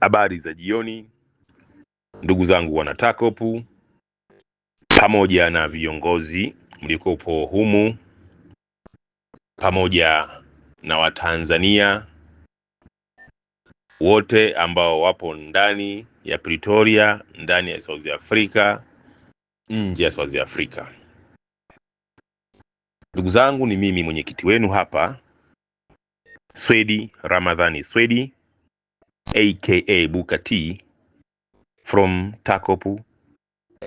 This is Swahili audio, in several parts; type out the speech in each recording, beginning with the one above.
Habari za jioni ndugu zangu wanatakopu, pamoja na viongozi mlikopo humu, pamoja na Watanzania wote ambao wapo ndani ya Pretoria, ndani ya South Africa, nje ya South Africa. Ndugu zangu, ni mimi mwenyekiti wenu hapa Swedi Ramadhani Swedi aka Booker T from Takopu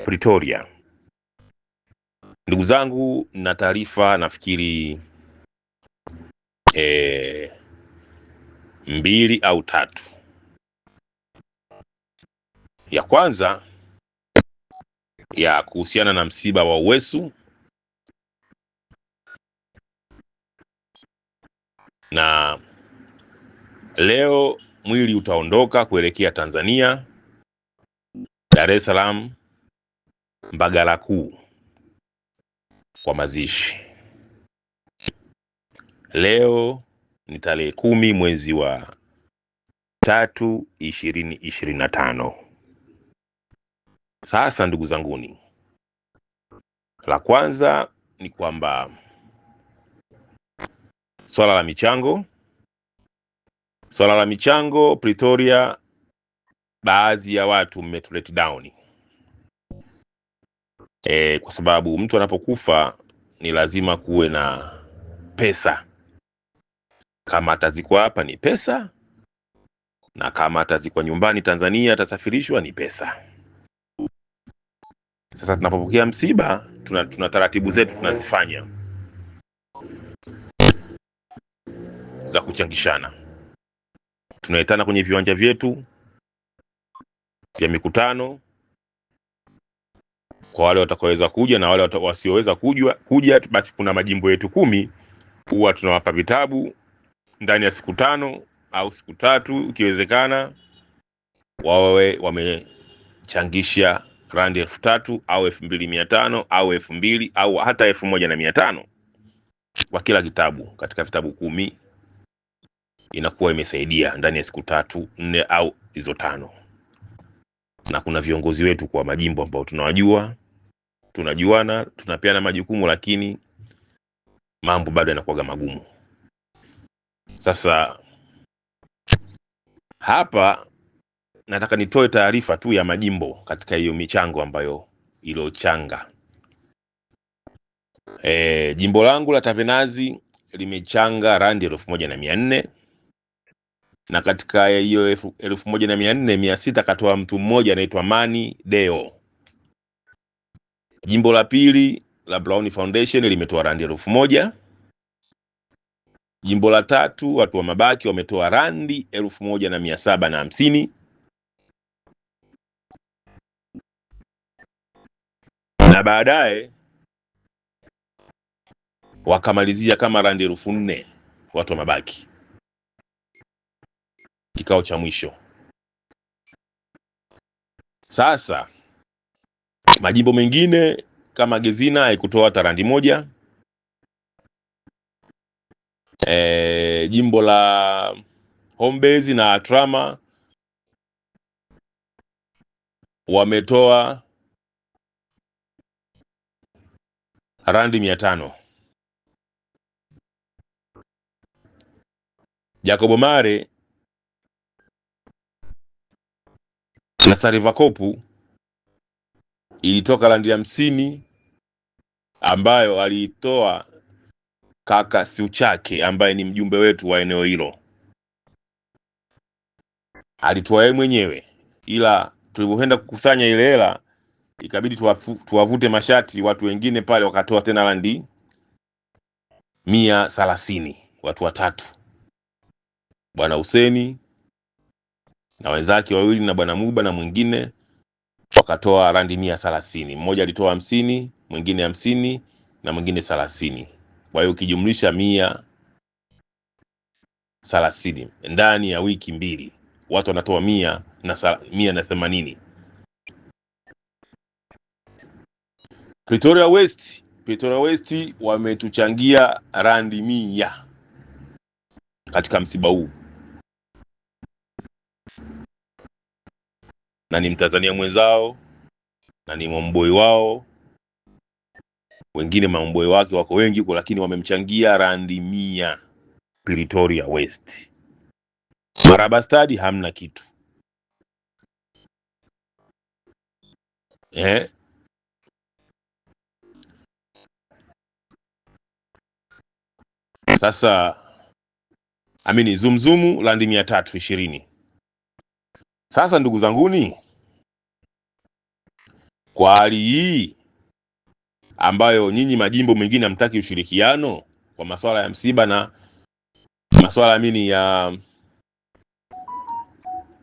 Pretoria. Ndugu zangu, na taarifa nafikiri e, mbili au tatu. Ya kwanza ya kuhusiana na msiba wa Uwesu na leo mwili utaondoka kuelekea Tanzania, Dar es Salaam, Mbagala Kuu kwa mazishi. Leo ni tarehe kumi mwezi wa tatu ishirini ishirini na tano. Sasa ndugu zanguni, la kwanza ni kwamba swala la michango Swala la michango Pretoria, baadhi ya watu mmetuleti down e, kwa sababu mtu anapokufa ni lazima kuwe na pesa. Kama atazikwa hapa ni pesa, na kama atazikwa nyumbani Tanzania atasafirishwa ni pesa. Sasa tunapopokea msiba tuna, tuna taratibu zetu tunazifanya za kuchangishana tunaitana kwenye viwanja vyetu vya mikutano kwa wale watakaoweza kuja na wale wasioweza kuja, kuja basi kuna majimbo yetu kumi huwa tunawapa vitabu ndani ya siku tano au siku tatu ikiwezekana, wawe wamechangisha randi elfu tatu au elfu mbili mia tano au elfu mbili au hata elfu moja na mia tano kwa kila kitabu katika vitabu kumi inakuwa imesaidia ndani ya siku tatu nne au hizo tano, na kuna viongozi wetu kwa majimbo ambao tunawajua, tunajuana, tunapeana majukumu, lakini mambo bado yanakuwaga magumu. Sasa hapa nataka nitoe taarifa tu ya majimbo katika hiyo michango ambayo iliochanga. E, eh, jimbo langu la Tavenazi limechanga randi elfu moja na mia nne na katika hiyo elfu moja na mia nne mia sita akatoa mtu mmoja anaitwa Mani Deo. Jimbo la pili la Brown Foundation limetoa randi elfu moja. Jimbo la tatu watu wa mabaki wametoa randi elfu moja na mia saba na hamsini na baadaye wakamalizia kama randi elfu nne watu wa mabaki kikao cha mwisho. Sasa majimbo mengine kama Gezina haikutoa tarandi moja. E, jimbo la Hombezi na Atrama wametoa randi mia tano. Jacobo Mare na Sariva Kopu ilitoka landi hamsini ambayo aliitoa kaka Siuchake ambaye ni mjumbe wetu wa eneo hilo, alitoa yeye mwenyewe, ila tulivyoenda kukusanya ile hela ikabidi tuwavute mashati watu wengine pale, wakatoa tena landi mia thelathini watu watatu, bwana Huseni na wenzake wawili na bwana Muba na mwingine wakatoa randi mia thelathini. Mmoja alitoa hamsini, mwingine hamsini na mwingine thelathini. Kwa hiyo ukijumlisha mia thelathini ndani ya wiki mbili watu wanatoa mia na mia na themanini. Pretoria West, Pretoria West wametuchangia randi mia katika msiba huu na ni Mtanzania mwenzao na ni mwamboi wao. Wengine mamboi wake wako wengi huko, lakini wamemchangia randi mia Pretoria West. Maraba Stadi hamna kitu eh? Sasa amini zumzumu randi mia tatu ishirini sasa ndugu zanguni, kwa hali hii ambayo nyinyi majimbo mengine hamtaki ushirikiano kwa masuala ya msiba na masuala mini ya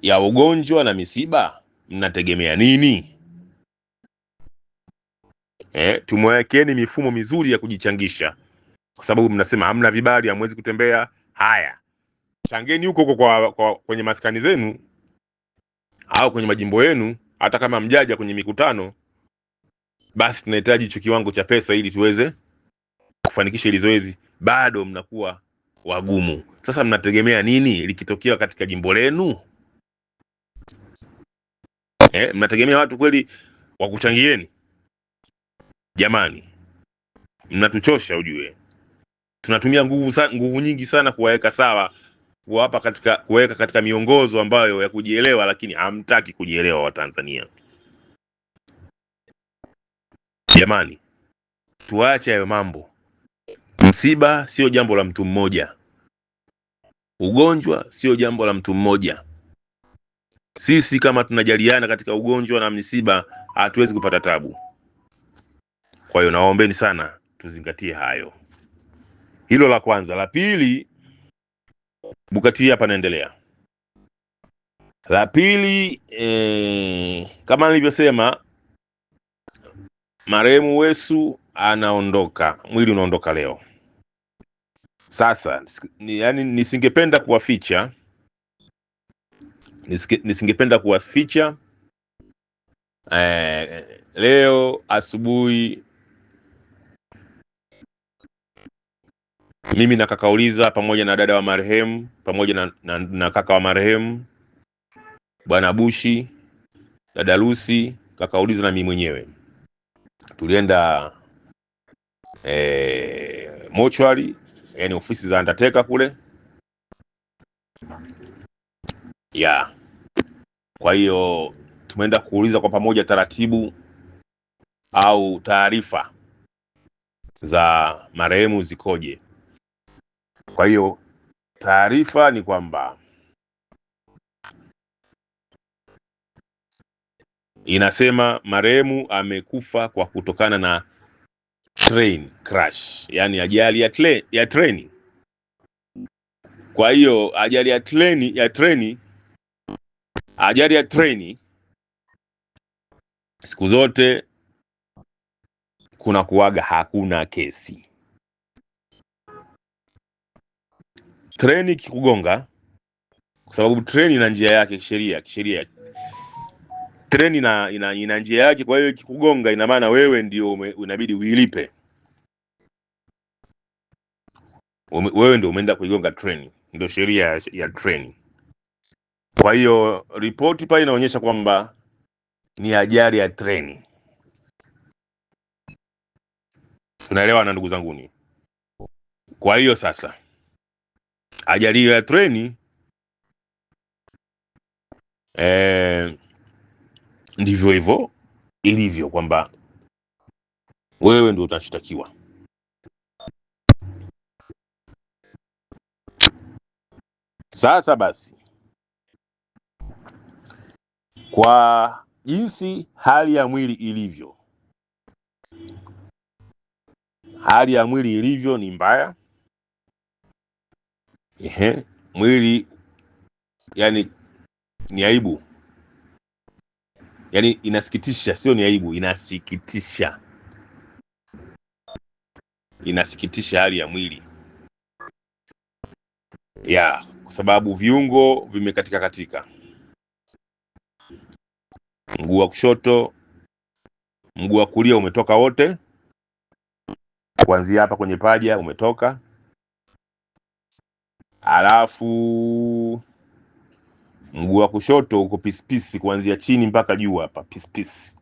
ya ugonjwa na misiba, mnategemea nini? Eh, tumwekeni mifumo mizuri ya kujichangisha, kwa sababu mnasema hamna vibali, hamwezi kutembea. Haya, changeni huko huko kwa, kwa, kwenye maskani zenu au kwenye majimbo yenu, hata kama mjaja kwenye mikutano, basi tunahitaji hicho kiwango cha pesa ili tuweze kufanikisha hili zoezi, bado mnakuwa wagumu. Sasa mnategemea nini likitokea katika jimbo lenu? Eh, mnategemea watu kweli wakuchangieni? Jamani, mnatuchosha ujue, tunatumia nguvu nguvu nyingi sana kuwaweka sawa kuwapa katika kuweka katika miongozo ambayo ya kujielewa, lakini hamtaki kujielewa Watanzania. Jamani, tuache hayo mambo. Msiba sio jambo la mtu mmoja, ugonjwa sio jambo la mtu mmoja. Sisi kama tunajaliana katika ugonjwa na msiba, hatuwezi kupata tabu. Kwa hiyo nawaombeni sana tuzingatie hayo, hilo la kwanza. La pili Bukati hapa anaendelea. La pili e, kama nilivyosema marehemu Wesu anaondoka, mwili unaondoka leo. Sasa ni, yani nisingependa kuwaficha, nisingependa kuwaficha eh, leo asubuhi mimi na kaka Uliza pamoja na dada wa marehemu pamoja na, na, na kaka wa marehemu bwana Bushi, dada Lucy, kaka Uliza na mimi mwenyewe tulienda eh, mochwari, yani ofisi za undertaker kule ya yeah. Kwa hiyo tumeenda kuuliza kwa pamoja taratibu au taarifa za marehemu zikoje kwa hiyo taarifa ni kwamba inasema marehemu amekufa kwa kutokana na train crash, yani ajali ya, tle, ya treni. Kwa hiyo ajali ya treni ya treni ajali ya treni siku zote kuna kuwaga hakuna kesi Treni ikikugonga, kwa sababu treni ina njia yake kisheria, kisheria treni ina, ina, ina njia yake. Kwa hiyo ikikugonga, ina maana wewe ndio unabidi uilipe, wewe ndio umeenda kuigonga treni, ndio sheria ya treni. Kwa hiyo ripoti pale inaonyesha kwamba ni ajali ya treni. tunaelewa na ndugu zanguni? Kwa hiyo sasa Ajali hiyo ya treni eh, ndivyo hivyo ilivyo kwamba wewe ndio utashtakiwa. Sasa basi, kwa jinsi hali ya mwili ilivyo, hali ya mwili ilivyo ni mbaya. Ehe, mwili yani ni aibu, yani inasikitisha, sio ni aibu, inasikitisha, inasikitisha hali ya mwili ya kwa sababu viungo vimekatika katika, mguu wa kushoto, mguu wa kulia umetoka wote, kuanzia hapa kwenye paja umetoka alafu mguu wa kushoto uko pispisi kuanzia chini mpaka juu hapa pispisi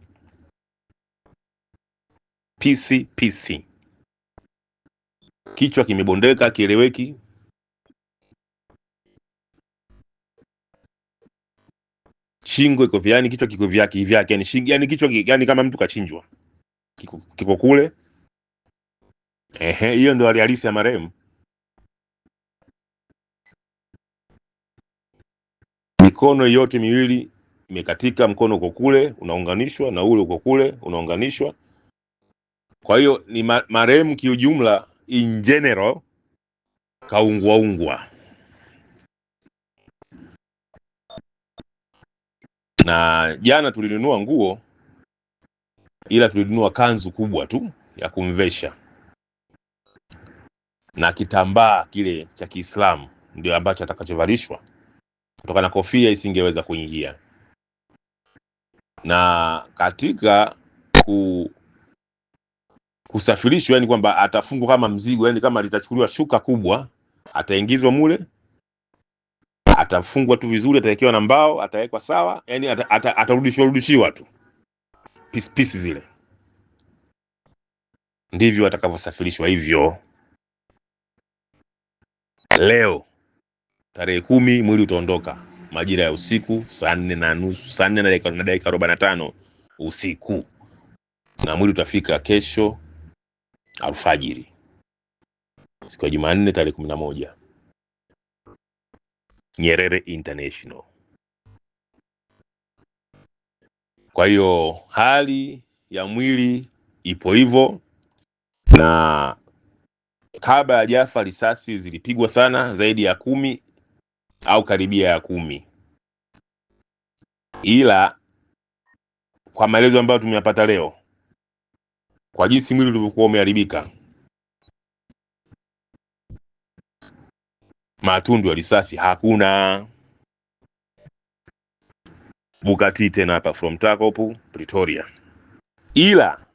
pisi pisi, kichwa kimebondeka, kieleweki. Shingo iko vyani, kichwa kiko vyake hivi yake, yani shingo, yani kichwa yani kama mtu kachinjwa, kiko, kiko kule. Ehe, hiyo ndio hali halisi ya marehemu. mikono yote miwili imekatika, mkono uko kule unaunganishwa na ule uko kule unaunganishwa. Kwa hiyo ni marehemu kiujumla, in general kaungwaungwa na jana tulinunua nguo ila tulinunua kanzu kubwa tu ya kumvesha na kitambaa kile cha Kiislamu ndio ambacho atakachovalishwa kutokana na kofia isingeweza kuingia. Na katika ku kusafirishwa, yani kwamba atafungwa kama mzigo, yani kama litachukuliwa shuka kubwa, ataingizwa mule, atafungwa tu vizuri, atawekewa na mbao, atawekwa sawa, yani atarudishwa rudishiwa tu pisi pisi zile, ndivyo atakavyosafirishwa hivyo leo tarehe kumi mwili utaondoka majira ya usiku saa nne na nusu saa nne na dakika arobaini na tano usiku na mwili utafika kesho alfajiri siku ya Jumanne tarehe kumi na moja Nyerere International. Kwa hiyo hali ya mwili ipo hivyo, na kabla ya jafa risasi zilipigwa sana zaidi ya kumi au karibia ya kumi, ila kwa maelezo ambayo tumeyapata leo, kwa jinsi mwili ulivyokuwa umeharibika, matundu ya risasi hakuna. Bukati tena hapa from Takop Pretoria, ila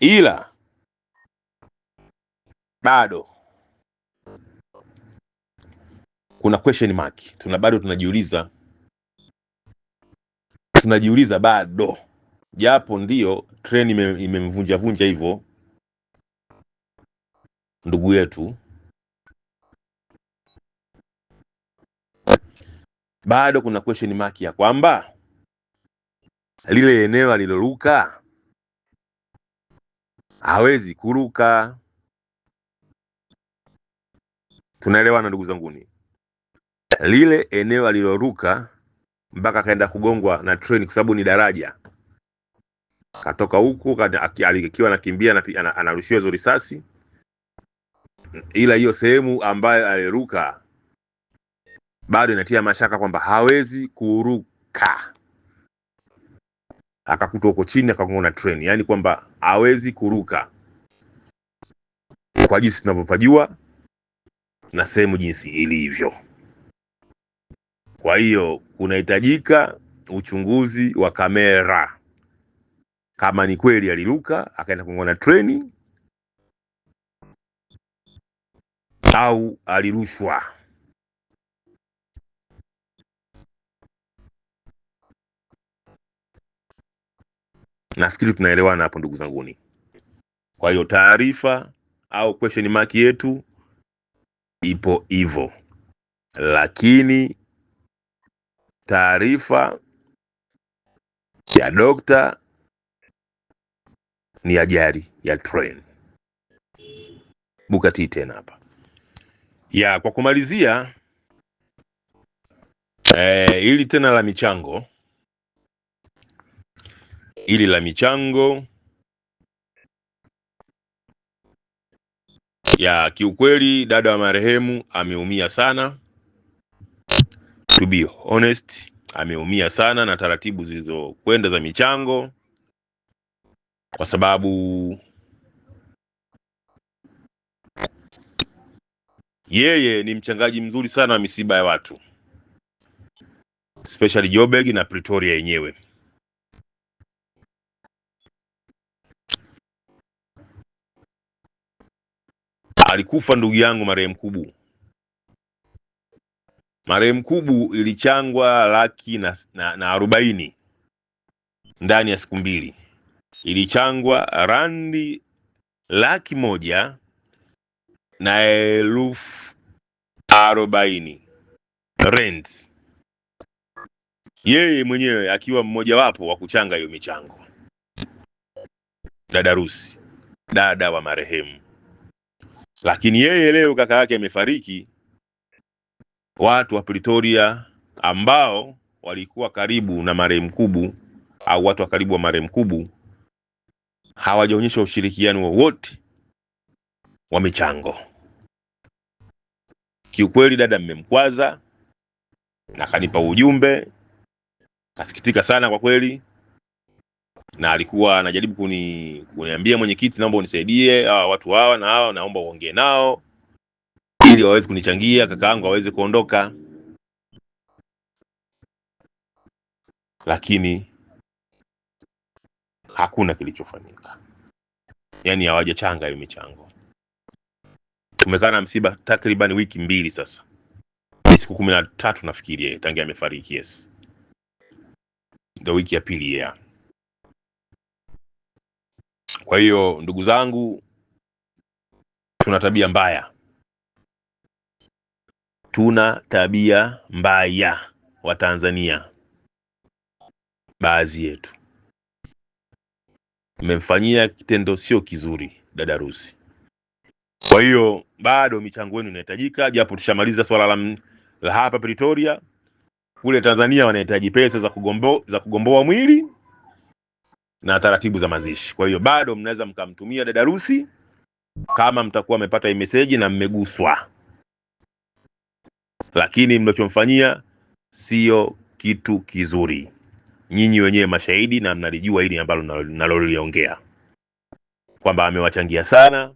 ila bado kuna question mark, tuna bado tunajiuliza, tunajiuliza bado, japo ndio treni imemvunja ime vunja hivyo ndugu yetu, bado kuna question mark ya kwamba lile eneo aliloruka hawezi kuruka. Tunaelewana ndugu zanguni? lile eneo aliloruka mpaka akaenda kugongwa na treni, kwa sababu ni daraja. Katoka huku akiwa anakimbia anarushiwa hizo risasi, ila hiyo sehemu ambayo aliruka bado inatia mashaka kwamba hawezi kuruka. Akakutwa huko chini akagonga na treni, yaani kwamba hawezi kuruka kwa jinsi tunavyopajua na sehemu jinsi ilivyo. Kwa hiyo kunahitajika uchunguzi wa kamera kama ni kweli aliruka akaenda kugongana treni au alirushwa. Nafikiri tunaelewana hapo ndugu zanguni. Kwa hiyo taarifa au question mark yetu ipo hivyo, lakini taarifa ya dokta ni ajali ya train Bukati tena hapa ya kwa kumalizia eh, hili ili tena la michango hili la michango ya kiukweli, dada wa marehemu ameumia sana to be honest, ameumia sana na taratibu zilizokwenda za michango, kwa sababu yeye ni mchangaji mzuri sana wa misiba ya watu especially Joburg na Pretoria yenyewe. Alikufa ndugu yangu marehemu kubwa marehemu Kubu ilichangwa laki na, na, na arobaini ndani ya siku mbili ilichangwa randi laki moja na elfu arobaini rent, yeye mwenyewe akiwa mmojawapo wa kuchanga hiyo michango. Dada Rusi, dada wa marehemu. Lakini yeye leo kaka yake amefariki, watu wa Pretoria ambao walikuwa karibu na marehemu Kubu au watu wa karibu wa marehemu Kubu hawajaonyesha ushirikiano wowote wa, wa michango. Kiukweli dada, mmemkwaza na kanipa ujumbe, kasikitika sana kwa kweli, na alikuwa anajaribu kuni kuniambia mwenyekiti, naomba unisaidie hawa watu hawa na hawa, naomba uongee nao ili waweze kunichangia yangu aweze kuondoka, lakini hakuna kilichofanyika. Yaani hawajachanga hiyo michango. Tumekaa na msiba takriban wiki mbili sasa, siku kumi na tatu nafikiri yeye tangia amefariki. Yes, ndio wiki ya pili ya. Kwa hiyo ndugu zangu, tuna tabia mbaya tuna tabia mbaya wa tanzania baadhi yetu. Mmemfanyia kitendo sio kizuri dada Rusi. Kwa hiyo bado michango yenu inahitajika, japo tushamaliza swala la, la hapa Pretoria. Kule Tanzania wanahitaji pesa za kugomboa za kugomboa mwili na taratibu za mazishi. Kwa hiyo bado mnaweza mkamtumia dada Rusi kama mtakuwa mmepata hii meseji na mmeguswa lakini mnachomfanyia sio kitu kizuri. Nyinyi wenyewe mashahidi na mnalijua hili ambalo naloliongea kwamba amewachangia sana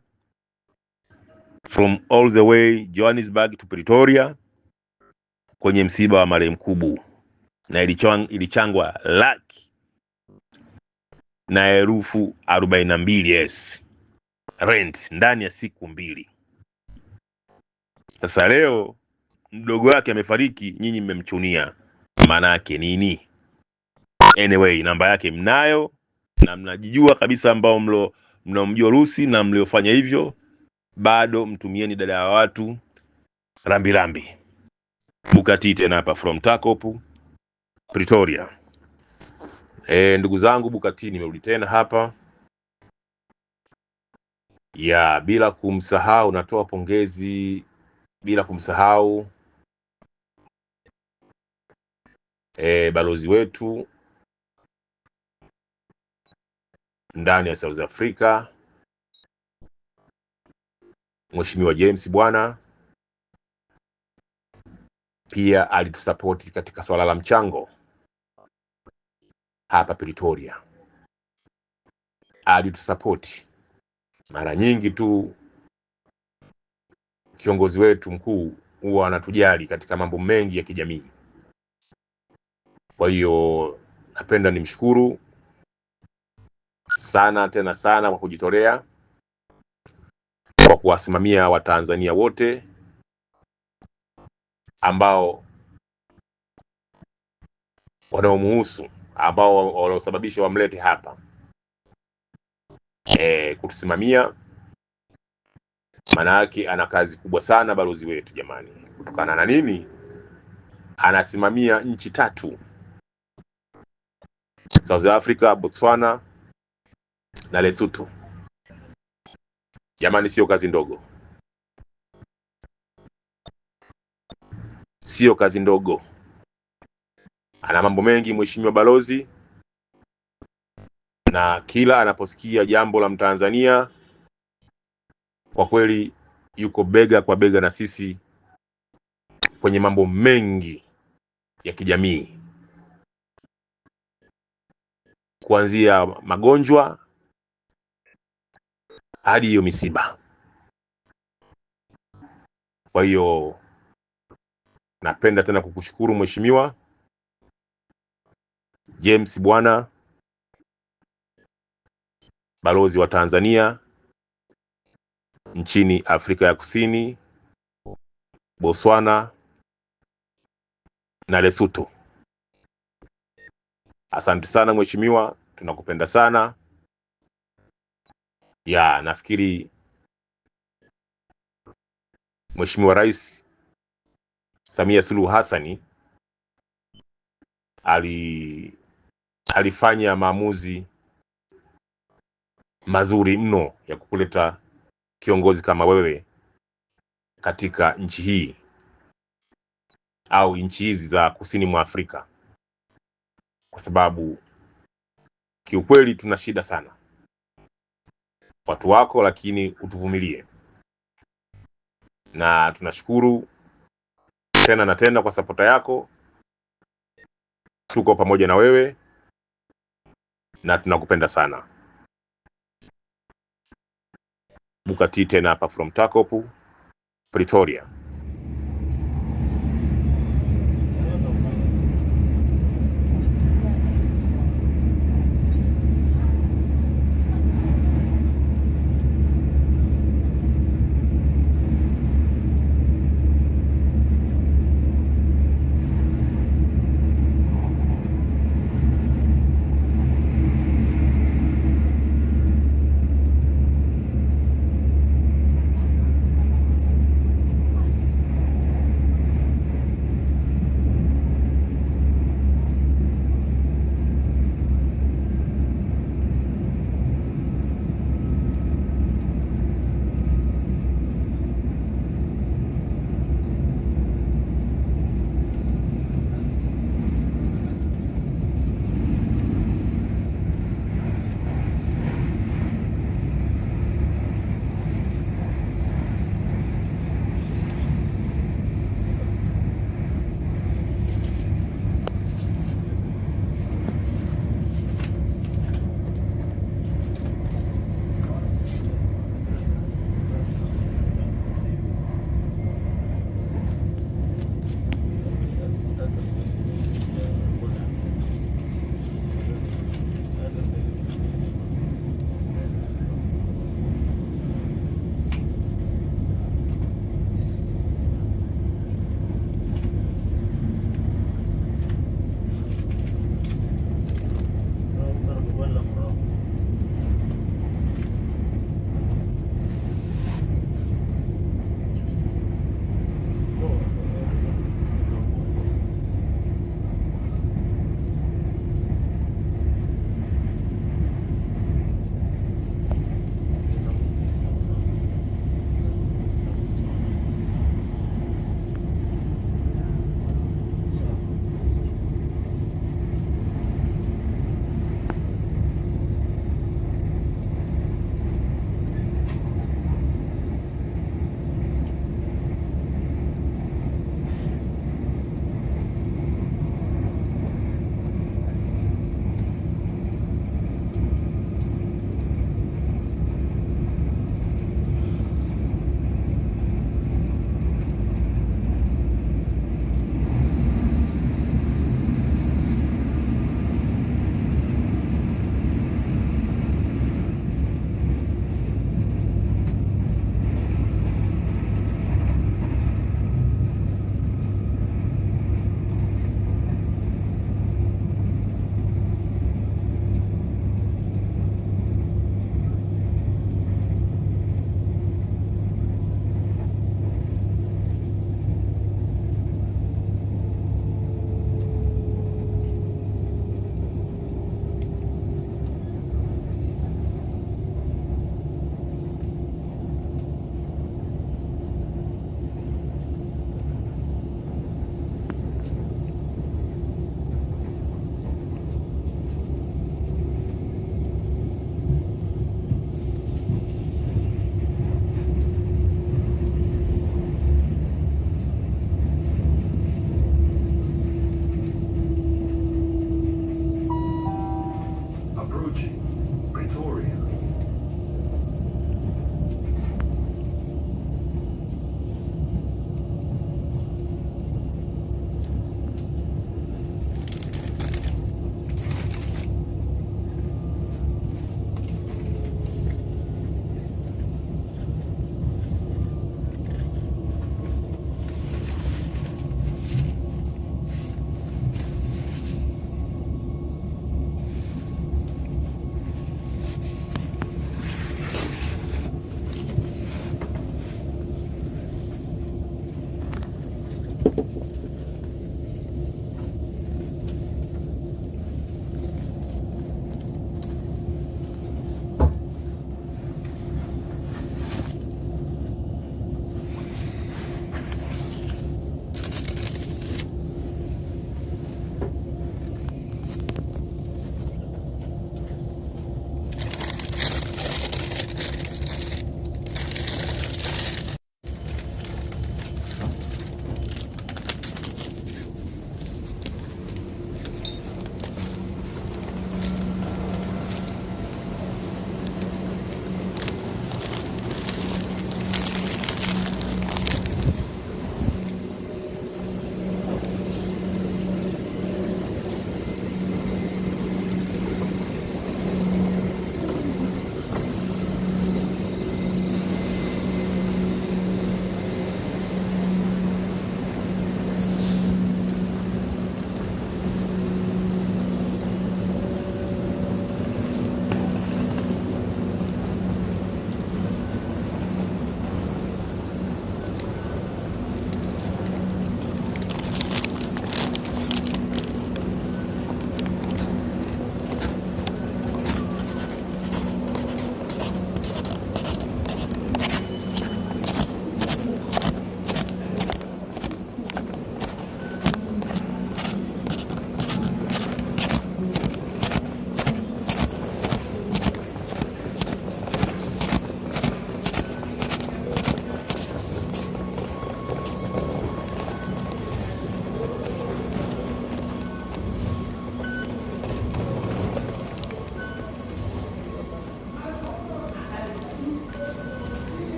from all the way Johannesburg to Pretoria kwenye msiba wa marehemu Kubu, na ilichang, ilichangwa laki na herufu 42 na yes rent ndani ya siku mbili. Sasa leo mdogo wake amefariki, nyinyi mmemchunia, maana yake nini? Anyway, namba yake mnayo na mnajijua kabisa, ambao mlo mnamjua Rusi na mliofanya hivyo, bado mtumieni dada ya watu rambirambi. Bukati tena hapa from Takopu Pretoria. E, ndugu zangu Bukati, nimerudi tena hapa ya bila kumsahau, natoa pongezi bila kumsahau e, balozi wetu ndani ya South Africa Mheshimiwa James Bwana pia alitusapoti katika swala la mchango hapa Pretoria, alitusapoti mara nyingi tu. Kiongozi wetu mkuu huwa anatujali katika mambo mengi ya kijamii kwa hiyo napenda nimshukuru sana tena sana kwa kujitolea kwa kuwasimamia Watanzania wote ambao wanaomuhusu ambao waliosababisha wamlete hapa e, kutusimamia. Maana yake ana kazi kubwa sana balozi wetu jamani, kutokana na nini? Anasimamia nchi tatu. South Africa, Botswana na Lesotho. Jamani, siyo kazi ndogo, siyo kazi ndogo, ana mambo mengi mheshimiwa balozi, na kila anaposikia jambo la Mtanzania kwa kweli yuko bega kwa bega na sisi kwenye mambo mengi ya kijamii kuanzia magonjwa hadi hiyo misiba. Kwa hiyo napenda tena kukushukuru Mheshimiwa James Bwana, balozi wa Tanzania nchini Afrika ya Kusini, Botswana na Lesotho. Asante sana mheshimiwa, tunakupenda sana ya. Nafikiri Mheshimiwa Rais Samia Suluhu Hassani ali alifanya maamuzi mazuri mno ya kukuleta kiongozi kama wewe katika nchi hii au nchi hizi za kusini mwa Afrika kwa sababu kiukweli tuna shida sana watu wako, lakini utuvumilie, na tunashukuru tena na tena kwa sapota yako. Tuko pamoja na wewe na tunakupenda sana. Bukati tena hapa from Takopu Pretoria.